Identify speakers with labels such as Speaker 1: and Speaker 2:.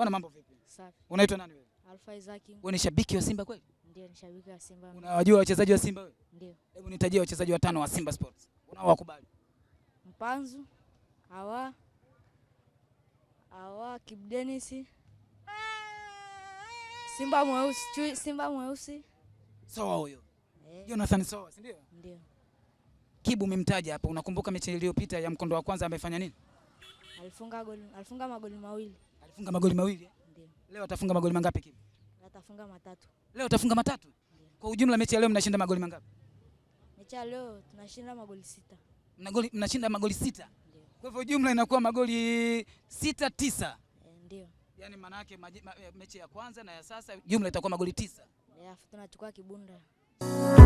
Speaker 1: Bwana mambo vipi? Safi. Unaitwa nani wewe?
Speaker 2: Alfa Izaki.
Speaker 1: Wewe ni shabiki wa Simba kweli?
Speaker 2: Ndio, ni shabiki wa Simba.
Speaker 1: Unawajua wachezaji wa Simba wewe? Ndio. Hebu nitajie wachezaji watano wa Simba Sports. Unaowakubali?
Speaker 2: Mpanzu, Hawa, Hawa, Kip Dennis, Simba mweusi, chui, Simba mweusi.
Speaker 1: Sawa huyo. Eh. Jonathan Sawa, si ndio? Ndio. Kibu umemtaja hapa. Unakumbuka mechi iliyopita ya mkondo wa kwanza amefanya nini?
Speaker 2: Alifunga goli, alifunga magoli mawili.
Speaker 1: Alifunga magoli mawili? Ndio. Leo atafunga magoli mangapi kibu?
Speaker 2: Atafunga matatu.
Speaker 1: Leo atafunga matatu? Ndiyo. Kwa ujumla mechi ya leo mnashinda magoli mangapi?
Speaker 2: Mechi ya leo tunashinda magoli sita.
Speaker 1: Mnagoli, mnashinda magoli sita? Ndiyo. Kwa hivyo jumla inakuwa magoli sita tisa. Eh, Ndiyo. Yaani maana yake eh, mechi ya kwanza na ya sasa jumla itakuwa magoli tisa.
Speaker 2: Alafu tunachukua kibunda.